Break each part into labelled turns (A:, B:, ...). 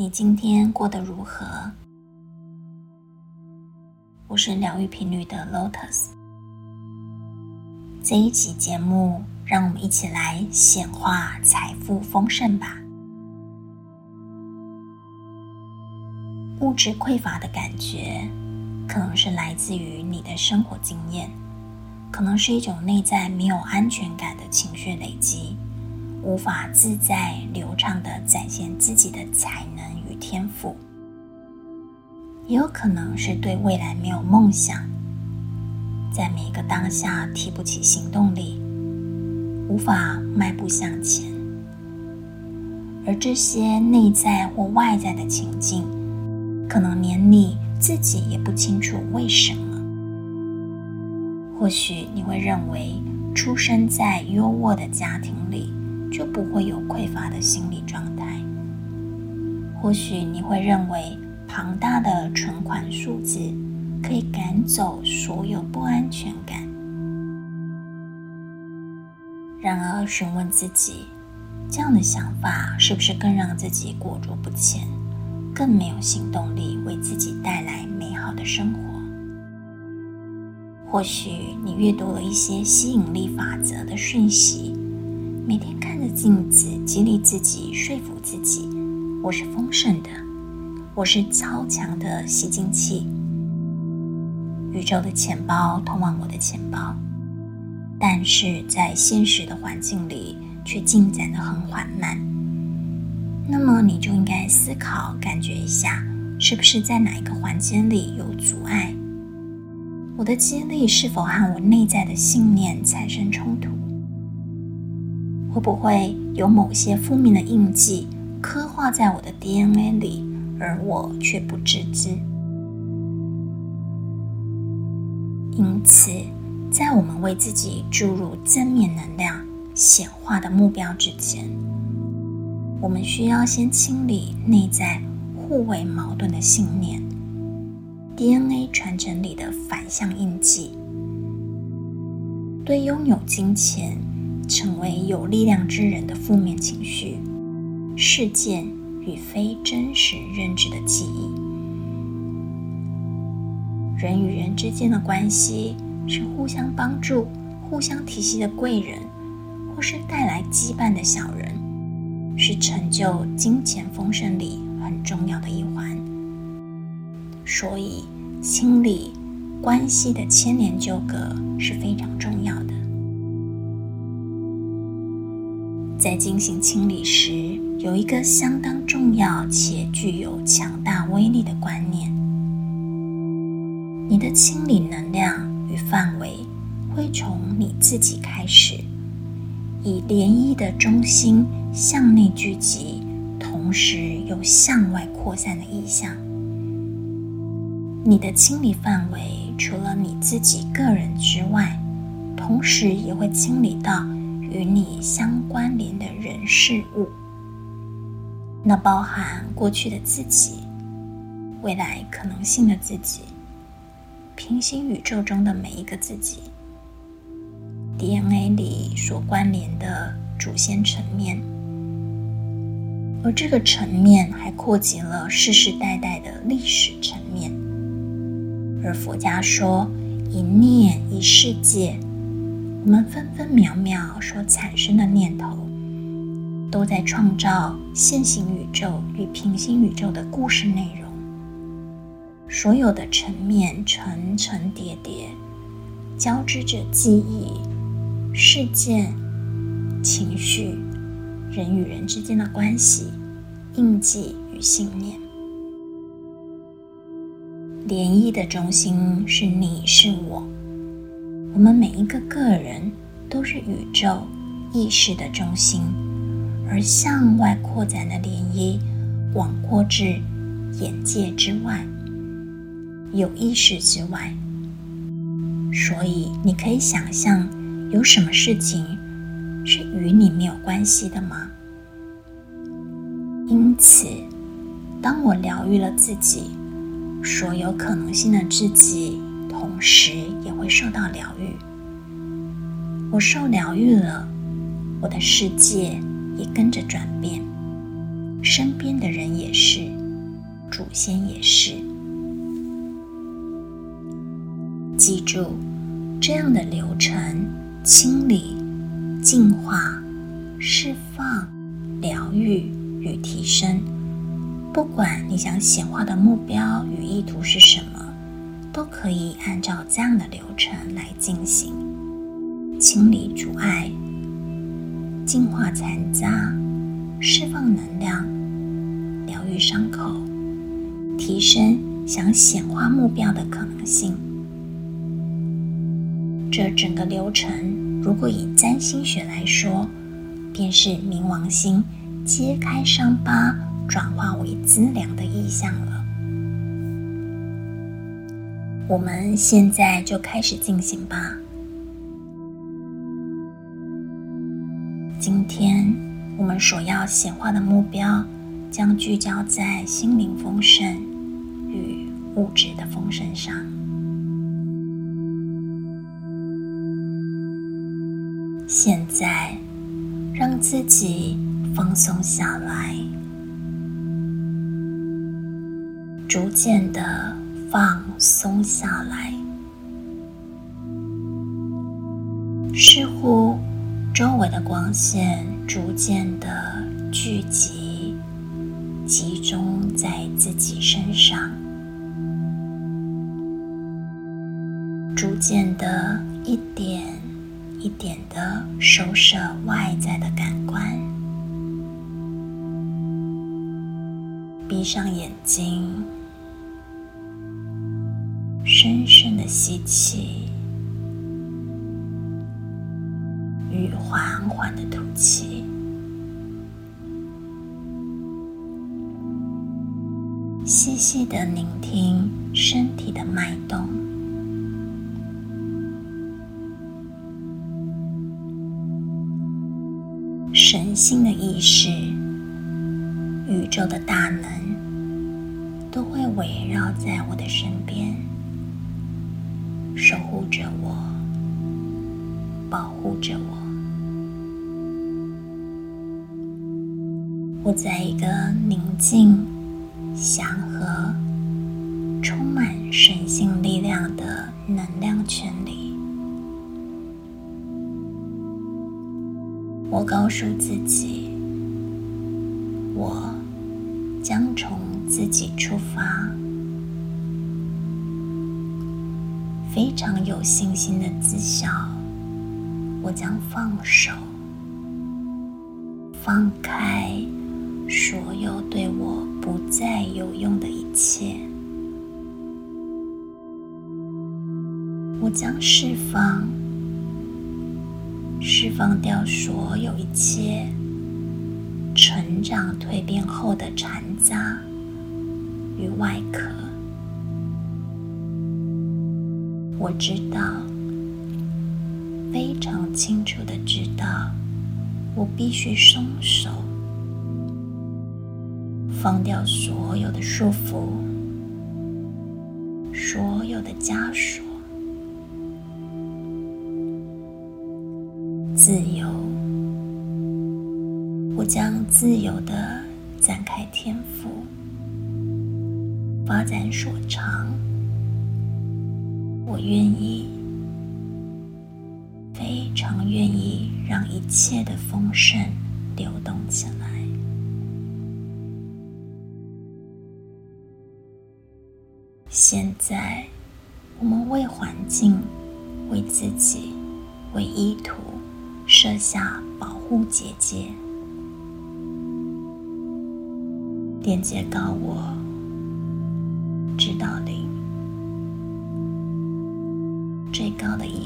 A: 你今天過得如何？我是療癒頻率的 Lotus。這一期節目，讓我們一起來顯化財富豐盛吧。物質匱乏的感覺，可能是來自於你的生活經驗，可能是一種內在沒有安全感的情緒累積。無法自在流暢的展現自己的才能與天賦，也有可能是對未來沒有夢想，在每一個當下提不起行動力，無法邁步向前。而這些內在或外在的情境，可能連你自己也不清楚為什麼。或許你會認為，出生在優渥的家庭裡。就不會有匱乏的心理狀態。或許你會認為龐大的存款數字可以趕走所有不安全感。然而，詢問自己，這樣的想法是不是更讓自己裹足不前，更沒有行動力，為自己帶來美好的生活？或許你閱讀了一些吸引力法則的訊息。每天看着鏡子，激勵自己，說服自己：“我是豐盛的，我是超強的吸金器。”宇宙的錢包通往我的錢包，但是在現實的環境裡卻進展的很緩慢。那麼你就應該思考、感覺一下，是不是在哪一個環境裡有阻礙？我的激勵是否和我內在的信念產生衝突？會不會有某些負面的印記刻畫在我的 DNA 裡，而我卻不自知？因此，在我們為自己注入正面能量、顯化的目標之前，我們需要先清理內在互為矛盾的信念、DNA 傳承裡的反向印記，對擁有金錢，成為有力量之人的負面情緒、事件與非真實認知的記憶，人與人之間的關係是互相幫助、互相提攜的貴人，或是帶來羈絆的小人，是成就金錢豐盛裡很重要的一環。所以，清理關係的牽連糾葛是非常重要的。在進行清理時，有一個相當重要且具有強大威力的觀念：你的清理能量與範圍會從你自己開始，以漣漪的中心向內聚集，同時又向外擴散的意向。你的清理範圍除了你自己個人之外，同時也會清理到。與你相關聯的人事物，那包含過去的自己、未來可能性的自己、平行宇宙中的每一個自己、DNA 裡所關聯的祖先層面，而這個層面還擴及了世世代代的歷史層面，而佛家說一念一世界。我們分分秒秒所產生的念頭，都在創造現行宇宙與平行宇宙的故事內容。所有的層面層層疊疊，疊，交織着記憶、事件、情緒、人與人之間的關係、印記與信念。漣漪的中心是你，是我。我們每一個個人都是宇宙意識的中心，而向外擴展的漣漪，廣闊至眼界之外，有意識之外。所以，你可以想象有什麼事情是與你沒有關係的嗎？因此，當我療癒了自己，所有可能性的自己。同時也會受到療癒。我受療癒了，我的世界也跟着轉變，身邊的人也是，祖先也是。記住，這樣的流程：清理、淨化、釋放、療癒與提升。不管你想顯化的目標與意圖是什麼。都可以按照這樣的流程來進行：清理阻礙、淨化殘渣、釋放能量、療癒傷口、提升想顯化目標的可能性。這整個流程，如果以占星學來說，便是冥王星揭開傷疤，轉化為資糧的意象了。我們現在就開始進行吧。今天我們所要顯化的目標，將聚焦在心靈豐盛與物質的豐盛上。現在，讓自己放鬆下來，逐漸的。放鬆下來，似乎周圍的光線逐漸的聚集，集中在自己身上，逐漸的一點一點的收攝外在的感官，閉上眼睛。深深的吸氣，與緩緩的吐氣，細細的聆聽身體的脈動，神性的意識，宇宙的大能，都會圍繞在我的身邊。守護着我，保護着我。我在一個寧靜、祥和、充滿神性力量的能量圈裡。我告訴自己，我將從自己出發。非常有信心的知曉，我將放手，放開所有對我不再有用的一切。我將釋放，釋放掉所有一切成長蛻變後的殘渣與外殼。我知道，非常清楚地知道，我必須鬆手，放掉所有的束縛，所有的枷鎖，自由。我將自由地展開天賦，發展所長。我願意，非常願意讓一切的豐盛流動起來。現在，我們為環境、為自己、為意圖設下保護結界，連接到我。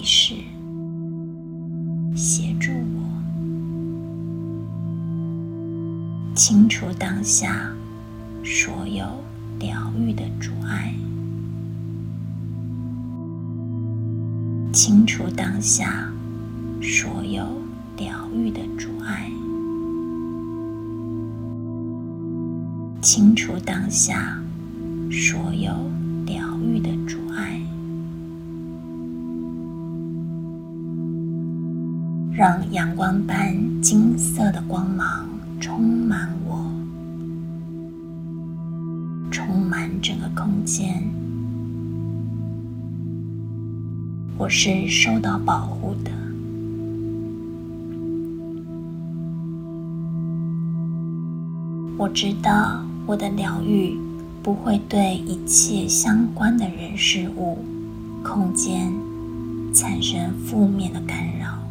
A: 是協助我清除當下所有療癒的阻礙，清除當下所有療癒的阻礙，清除當下所有療癒的阻礙。讓陽光般金色的光芒充滿我，充滿整個空間。我是受到保護的。我知道我的療癒不會對一切相關的人、事物、空間產生負面的干擾。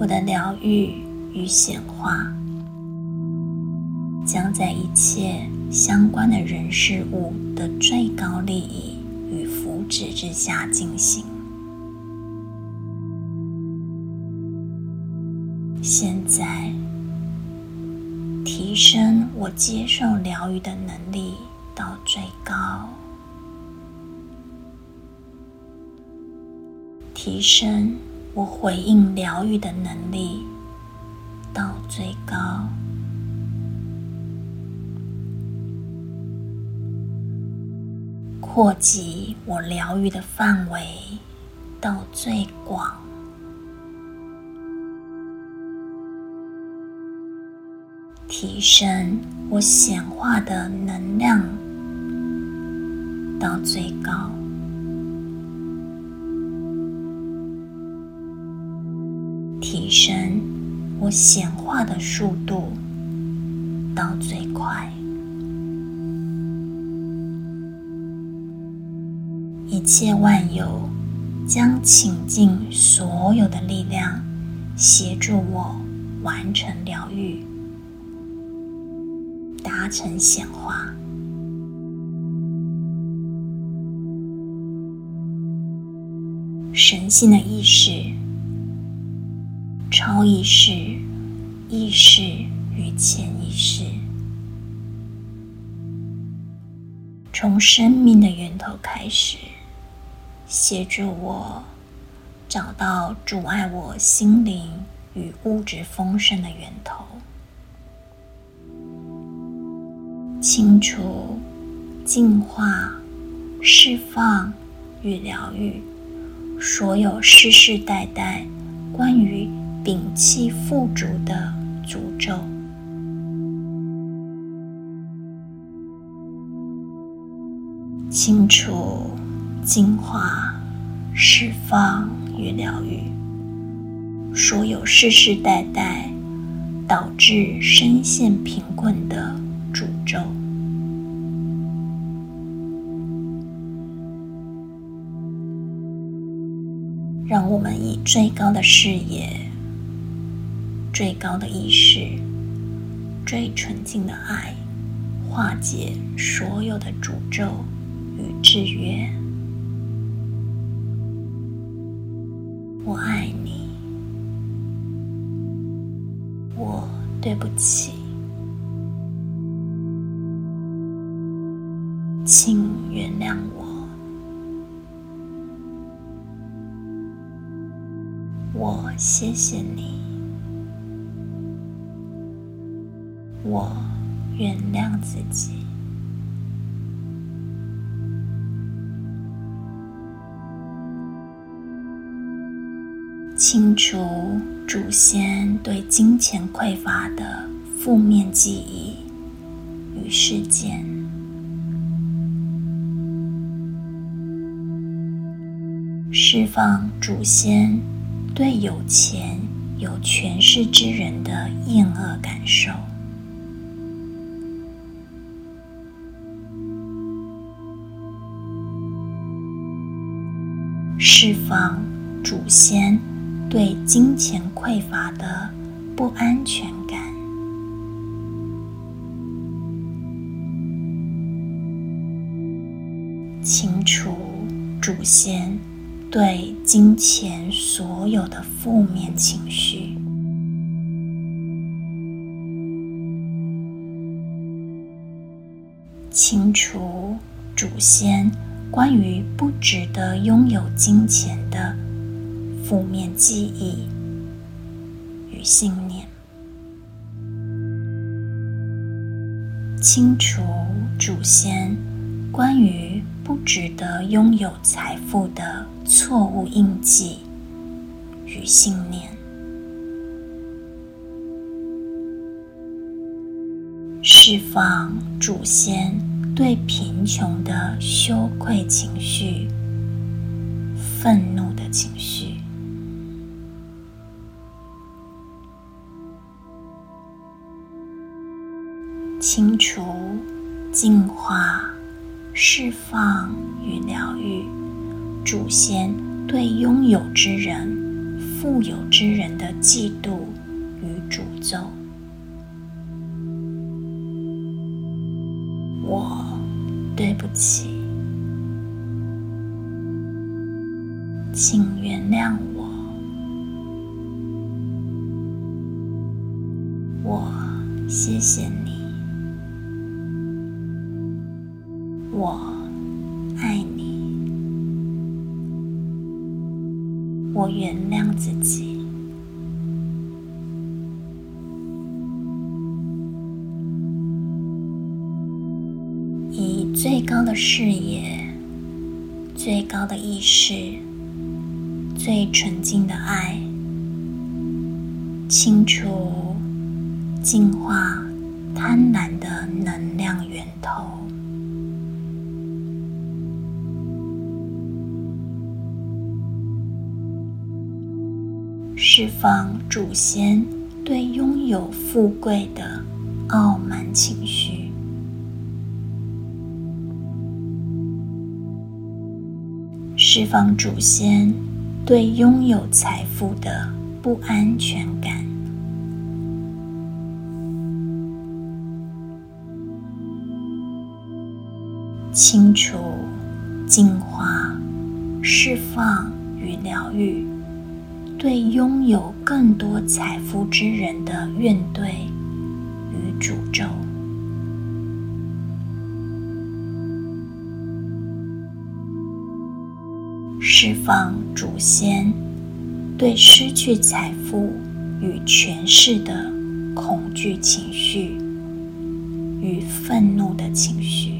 A: 我的療癒與顯化，將在一切相關的人事物的最高利益與福祉之下進行。現在，提升我接受療癒的能力到最高，提升。我回應療癒的能力到最高，擴及我療癒的範圍到最廣，提升我顯化的能量到最高。神，我顯化的速度到最快，一切萬有將傾盡所有的力量協助我完成療癒，達成顯化神性的意識。超意識、意識與潛意識，從生命的源頭開始，協助我找到阻礙我心靈與物質豐盛的源頭，清除、淨化、釋放與療癒所有世世代代關於。摒棄富足的詛咒，清除、淨化、釋放與療癒所有世世代代導致深陷貧困的詛咒。讓我們以最高的視野。最高的意識，最純淨的愛，化解所有的詛咒與制約。我愛你，我對不起，請原諒我，我謝謝你。我原諒自己，清除祖先對金錢匱乏的負面記憶與事件，釋放祖先對有錢有權勢之人的厭惡感受。釋放祖先對金錢匱乏的不安全感，清除祖先對金錢所有的負面情緒，清除祖先。關於不值得擁有金錢的負面記憶與信念，清除祖先關於不值得擁有財富的錯誤印記與信念，釋放祖先。對貧窮的羞愧情緒、憤怒的情緒，清除、淨化、釋放與療癒，祖先對擁有之人、富有之人的嫉妒與詛咒。對不起，請原諒我，我謝謝你，我愛你，我原諒自己。視野，最高的意識，最純淨的愛，清除淨化貪婪的能量源頭，釋放祖先對擁有富貴的傲慢情緒。釋放祖先對擁有財富的不安全感，清除、淨化、釋放與療癒對擁有更多財富之人的怨懟與詛咒。釋放祖先對失去財富與權勢的恐懼情緒與憤怒的情緒，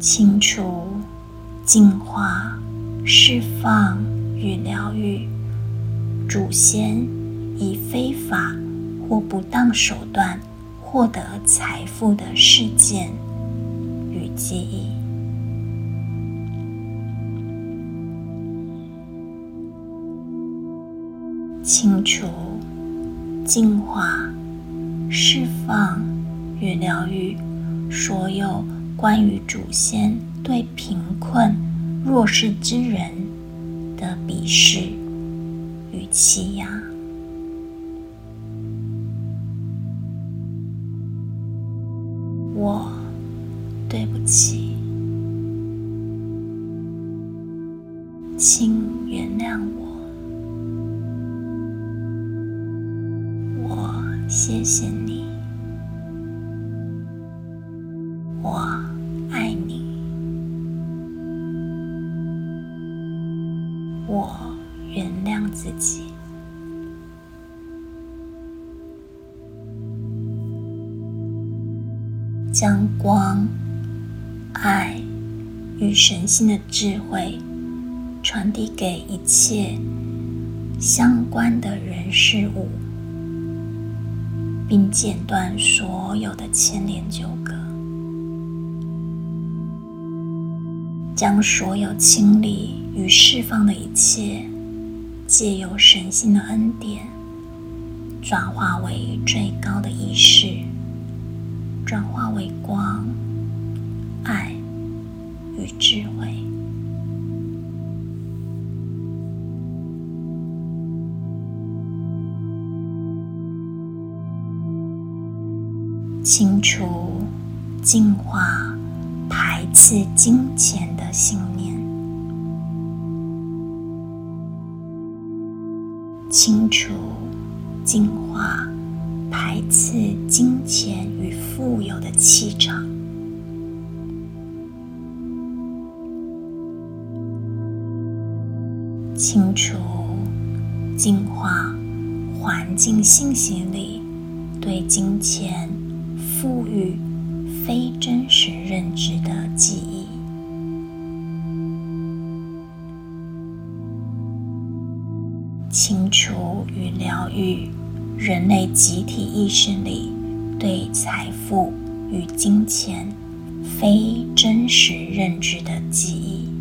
A: 清除、淨化、釋放與療癒祖先以非法或不當手段。獲得財富的事件與記憶，清除、淨化、釋放與療癒所有關於祖先對貧困弱勢之人的鄙視與欺壓。我，對不起，請原諒我，我謝謝你。新的智慧傳遞給一切相關的人事物，並剪斷所有的牽連糾葛，將所有清理與釋放的一切，借由神性的恩典，轉化為最高的意識，轉化為光。與智慧，清除、淨化、排斥金錢的信念；清除、淨化、排斥金錢與富有的氣場。清除、淨化環境信息裡對金錢、富裕非真實認知的記憶；清除與療癒人類集體意識裡對財富與金錢非真實認知的記憶。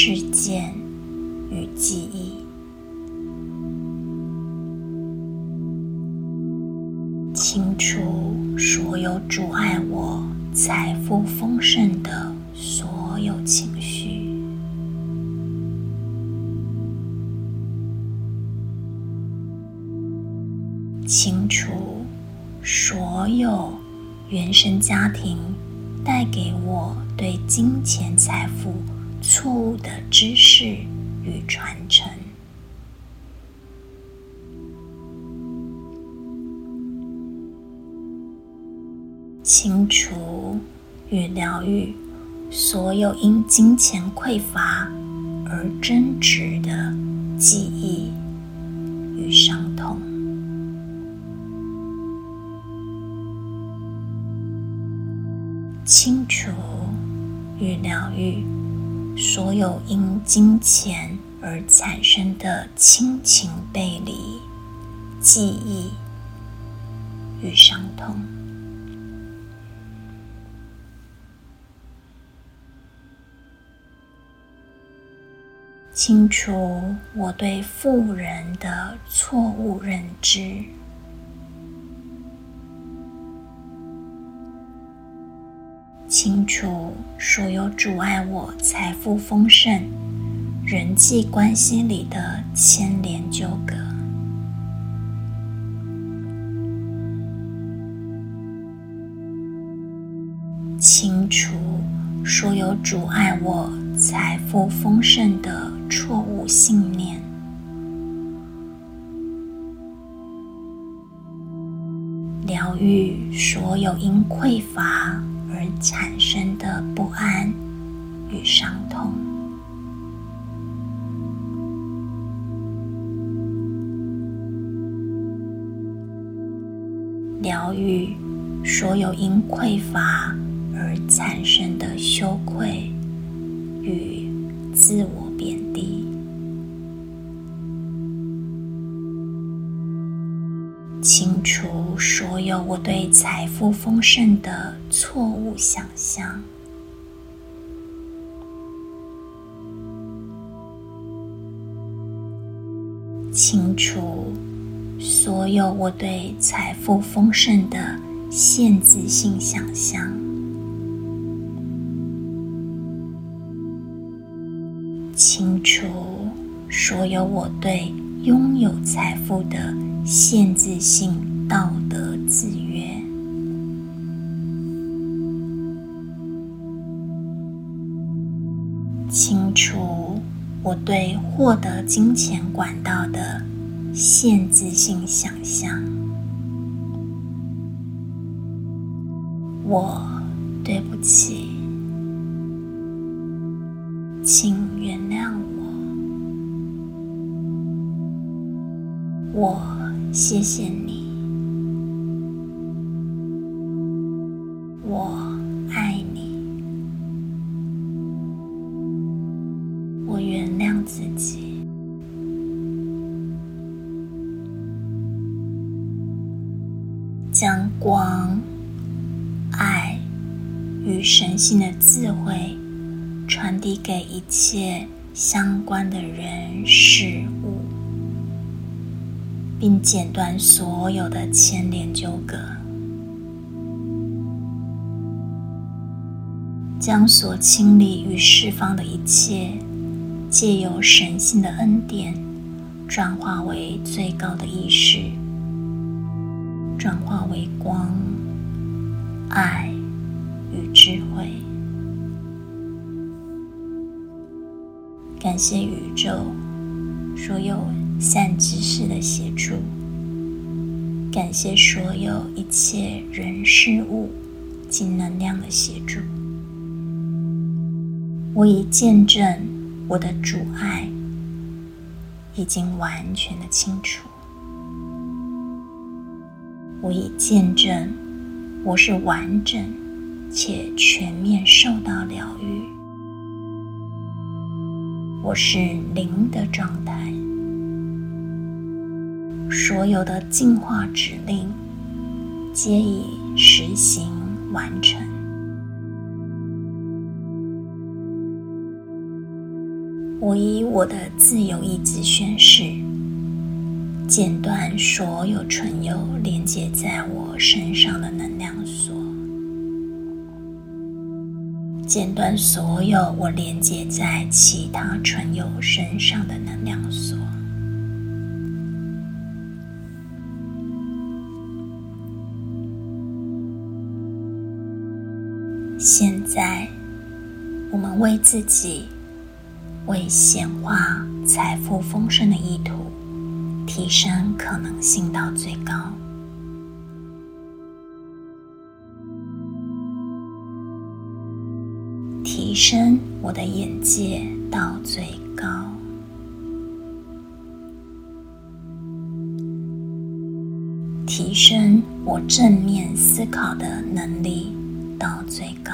A: 事件與記憶。清除與療癒所有因金錢匱乏而爭執的記憶與傷痛；清除與療癒所有因金錢而產生的親情背離、記憶與傷痛。清除我對富人的錯誤認知，清除所有阻礙我財富豐盛、人際關係裡的牽連糾葛，清除所有阻礙我財富豐盛的。錯誤信念，療癒所有因匱乏而產生的不安與傷痛，療癒所有因匱乏而產生的羞愧與自我貶低，清除所有我對財富豐盛的錯誤想象，清除所有我對財富豐盛的限制性想象。清除所有我對擁有財富的限制性道德制約，清除我對獲得金錢管道的限制性想象。我。謝謝你，我愛你，我原諒自己，將光、愛與神性的智慧傳遞給一切相關的人事物。並剪斷所有的牽連糾葛，將所清理與釋放的一切，借由神性的恩典，轉化為最高的意識，轉化為光、愛與智慧。感謝宇宙，所有善知識的協助，感謝所有一切人事物及能量的協助。我已見證我的阻礙已經完全的清除。我已見證我是完整且全面受到療癒。我是零的狀態。所有的淨化指令皆已實行完成。我以我的自由意志宣誓：剪斷所有存有連接在我身上的能量鎖，剪斷所有我連接在其他存有身上的能量鎖。現在，我們為自己為顯化財富豐盛的意圖，提升可能性到最高，提升我的眼界到最高，提升我正面思考的能力。到最高，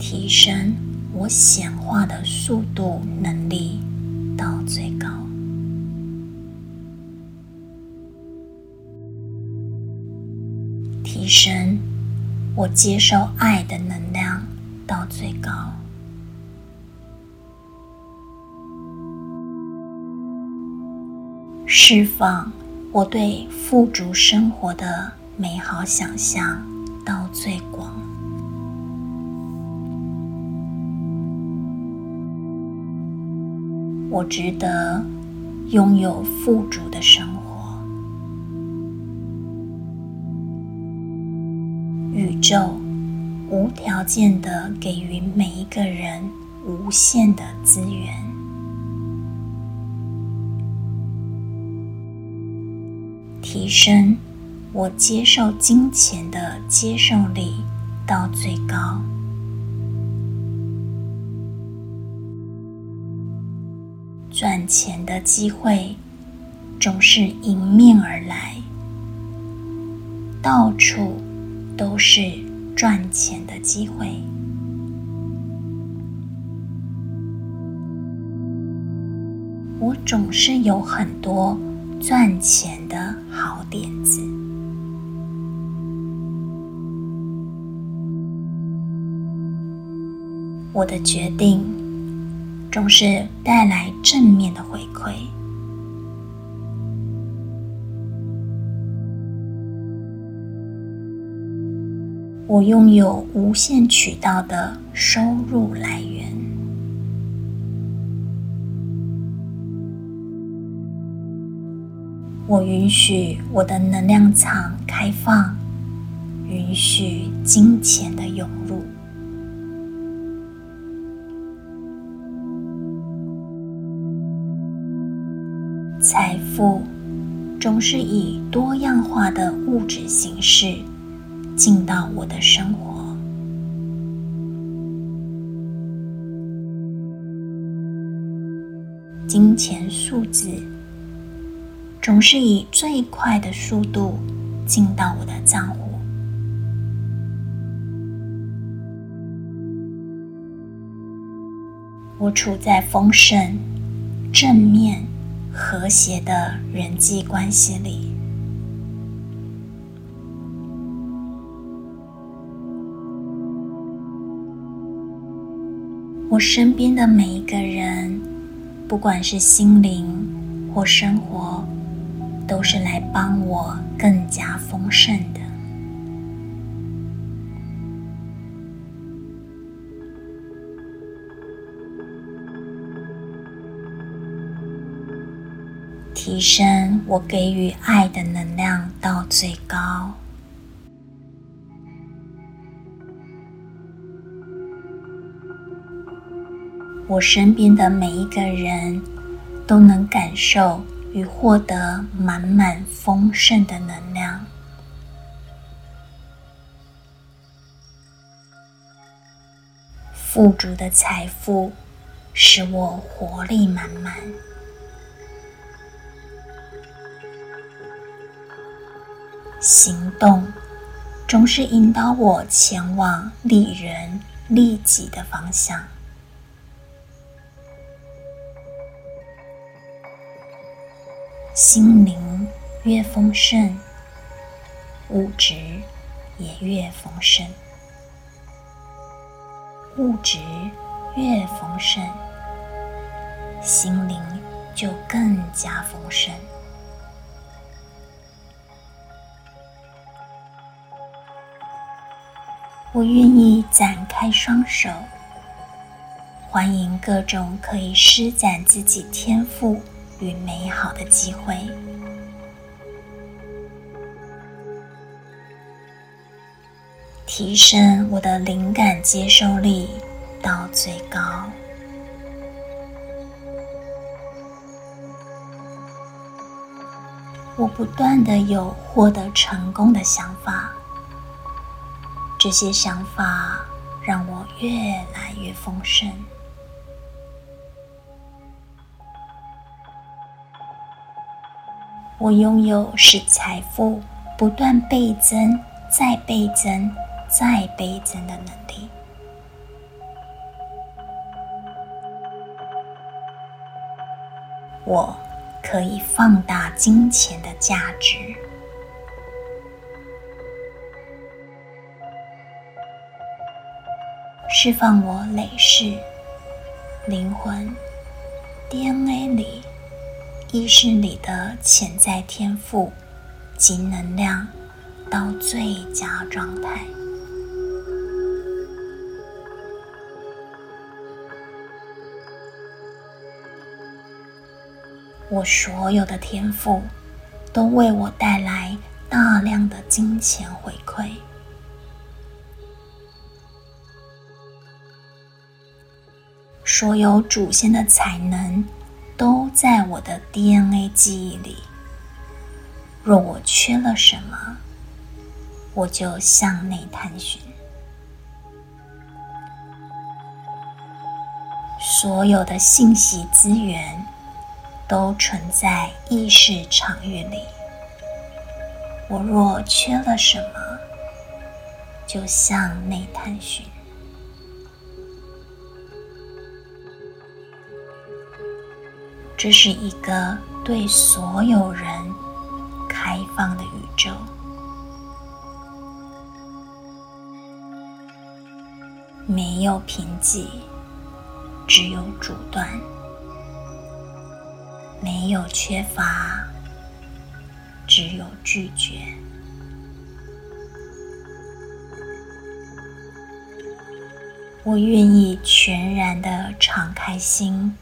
A: 提升我顯化的速度能力到最高，提升我接受愛的能量到最高，釋放。我對富足生活的美好想象到最廣，我值得擁有富足的生活。宇宙無條件的給予每一個人無限的資源。提升我接受金錢的接受力到最高，賺錢的機會總是迎面而來，到處都是賺錢的機會，我總是有很多賺錢的。好點子！我的決定總是帶來正面的回饋。我擁有無限渠道的收入來源。我允許我的能量場開放，允許金錢的湧入。財富總是以多樣化的物質形式進到我的生活。金錢數字。總是以最快的速度進到我的賬戶。我處在豐盛、正面、和諧的人際關係裡。我身邊的每一個人，不管是心靈或生活。都是來幫我更加豐盛的，提升我給予愛的能量到最高。我身邊的每一個人都能感受。與獲得滿滿豐盛的能量，富足的財富使我活力滿滿。行動總是引導我前往利人利己的方向。心靈越豐盛，物質也越豐盛；物質越豐盛，心靈就更加豐盛。我願意展開雙手，歡迎各種可以施展自己天賦。與美好的機會，提升我的靈感接受力到最高。我不斷的有獲得成功的想法，這些想法讓我越來越豐盛。我擁有使財富不斷倍增、再倍增、再倍增的能力。我可以放大金錢的價值，釋放我累世靈魂 DNA 裡。意識裡的潛在天賦及能量到最佳狀態。我所有的天賦都為我帶來大量的金錢回饋。所有祖先的才能。都在我的 DNA 記憶裡。若我缺了什麼，我就向內探尋。所有的信息資源都存在意識場域裡。我若缺了什麼，就向內探尋。這是一個對所有人開放的宇宙，沒有貧瘠，只有阻斷；沒有缺乏，只有拒絕。我願意全然地敞開心。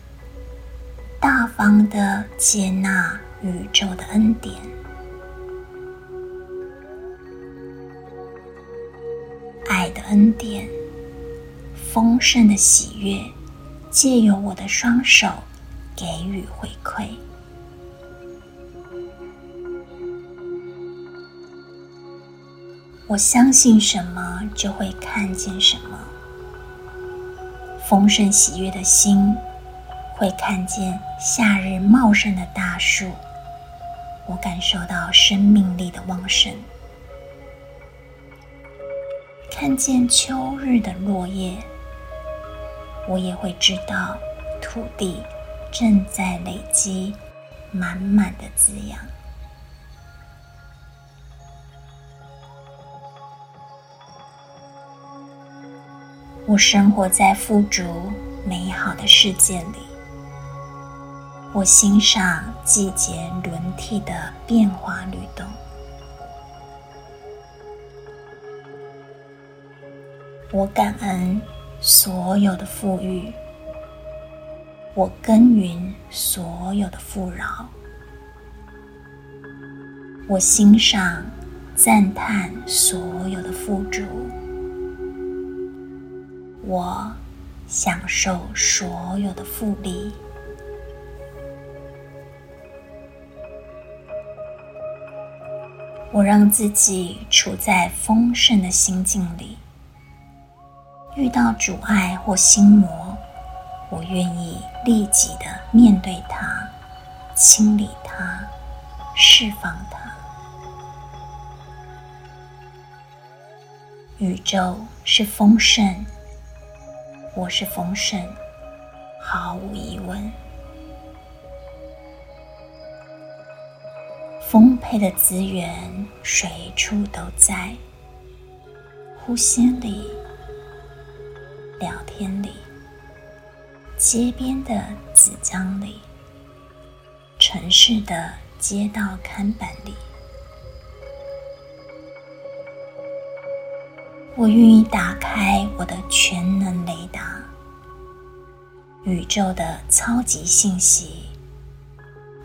A: 大方的接納宇宙的恩典，愛的恩典，豐盛的喜悅，借由我的雙手給予回饋。我相信什麼，就會看見什麼。豐盛喜悅的心。會看見夏日茂盛的大樹，我感受到生命力的旺盛；看見秋日的落葉，我也會知道土地正在累積滿滿的滋養。我生活在富足美好的世界裡。我欣賞季節輪替的變化律動，我感恩所有的富裕，我耕耘所有的富饒，我欣賞讚嘆所有的富足，我享受所有的富麗。我讓自己處在豐盛的心境裡，遇到阻礙或心魔，我願意立即的面對它、清理它、釋放它。宇宙是豐盛，我是豐盛，毫無疑問。豐沛的資源，隨處都在。呼吸裡，聊天裡，街邊的紙張裡，城市的街道看板裡，我願意打開我的全能雷達，宇宙的超級信息。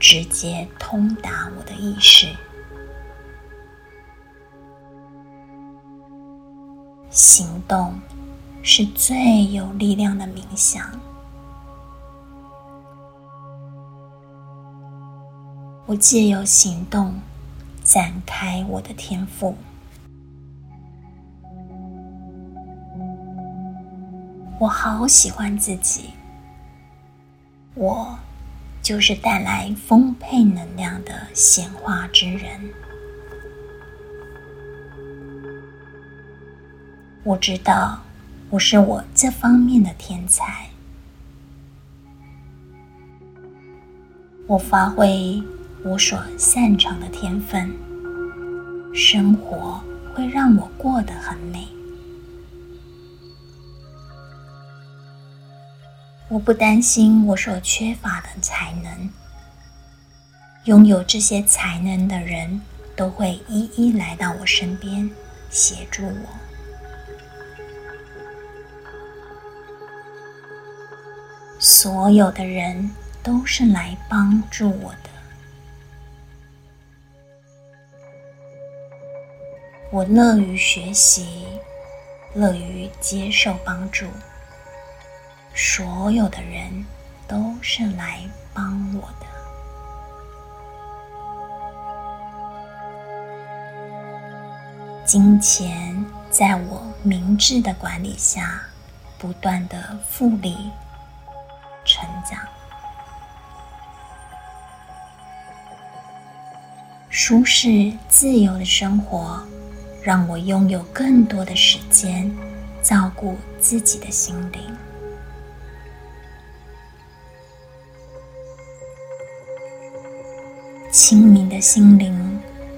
A: 直接通達我的意識，行動是最有力量的冥想。我借由行動展開我的天賦，我好喜歡自己，我就是帶來豐沛能量的顯化之人。我知道我是我這方面的天才，我發揮我所擅長的天分，生活會讓我過得很美。我不擔心我所缺乏的才能，擁有這些才能的人都會一一來到我身邊協助我。所有的人都是來幫助我的。我樂於學習，樂於接受幫助。所有的人都是來幫我的。金錢在我明智的管理下，不斷的複利成長。舒適自由的生活，讓我擁有更多的時間，照顧自己的心靈。清明的心靈，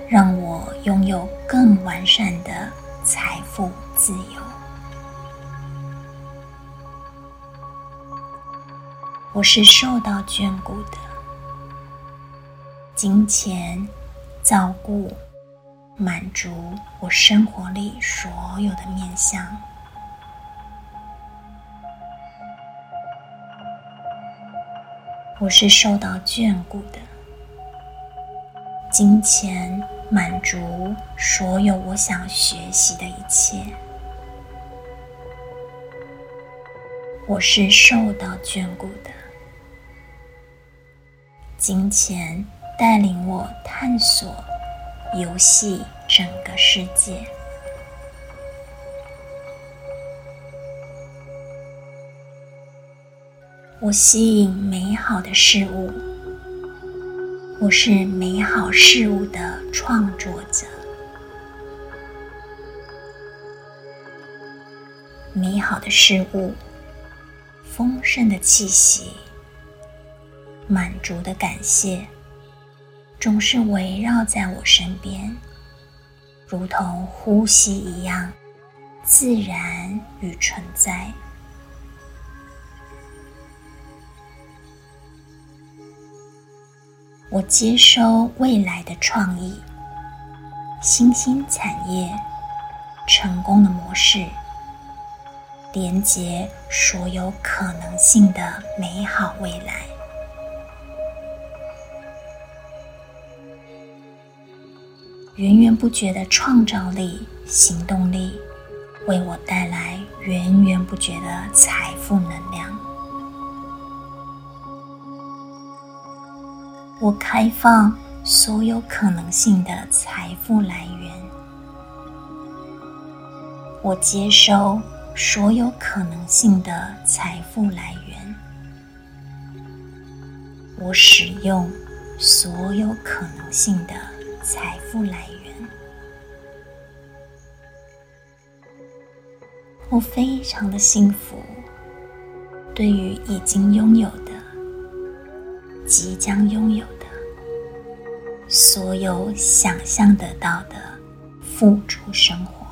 A: 讓我擁有更完善的財富自由。我是受到眷顧的，金錢照顧滿足我生活裡所有的面向。我是受到眷顧的。金錢滿足所有我想學習的一切。我是受到眷顧的。金錢帶領我探索、遊戲整個世界。我吸引美好的事物。我是美好事物的創作者，美好的事物、豐盛的氣息、滿足的感謝，總是圍繞在我身邊，如同呼吸一樣自然與存在。我接收未來的創意、新興產業、成功的模式，連接所有可能性的美好未來。源源不絕的創造力、行動力，為我帶來源源不絕的財富能量。我開放所有可能性的財富來源，我接受所有可能性的財富來源，我使用所有可能性的財富來源，我非常的幸福，對於已經擁有，即將擁有的，所有想象得到的，富足生活。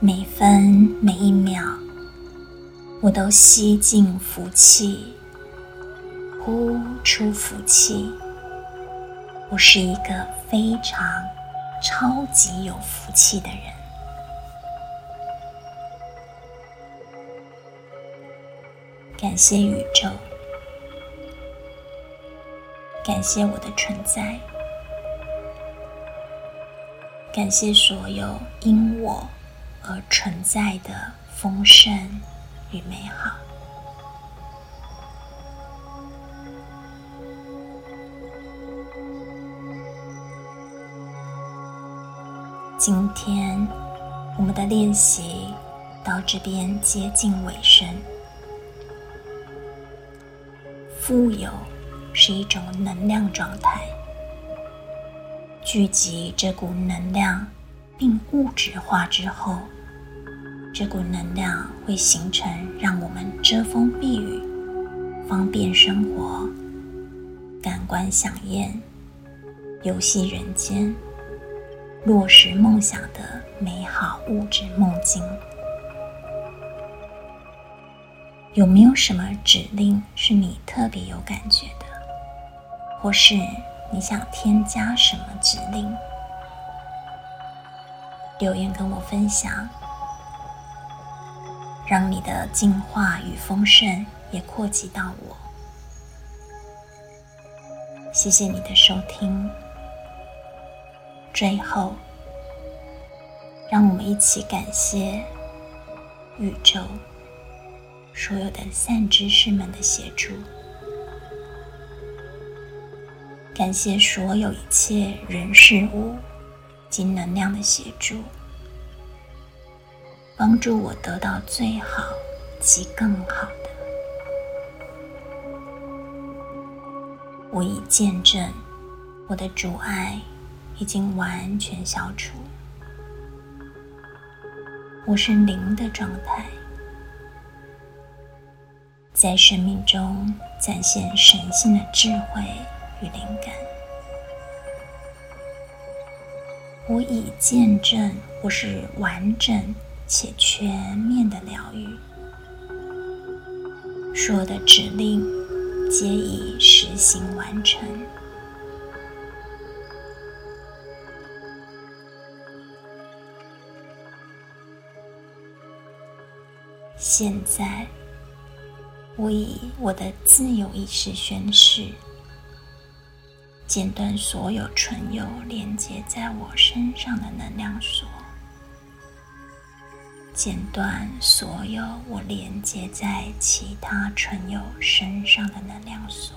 A: 每分每一秒，我都吸進福氣，呼出福氣。我是一個非常超級有福氣的人。感謝宇宙，感謝我的存在，感謝所有因我而存在的豐盛與美好。今天我們的練習到這邊接近尾聲。富有是一種能量狀態，聚集這股能量並物質化之後，這股能量會形成讓我們遮風避雨、方便生活、感官饗宴、遊戲人間、落實夢想的美好物質夢境。有沒有什麼指令是你特別有感覺的？或是你想添加什麼指令？留言跟我分享，讓你的進化與豐盛也擴及到我。謝謝你的收聽。最後，讓我們一起感謝宇宙。所有的善知識們的協助，感謝所有一切人事物及能量的協助，幫助我得到最好及更好的。我已見證，我的阻礙已經完全消除，我是零的狀態。在生命中展現神性的智慧與靈感，我已見證或是完整且全面的療癒。所有的指令皆已實行完成。現在。我以我的自由意識宣誓，剪斷所有唇釉連接在我身上的能量鎖，剪斷所有我連接在其他唇釉身上的能量鎖。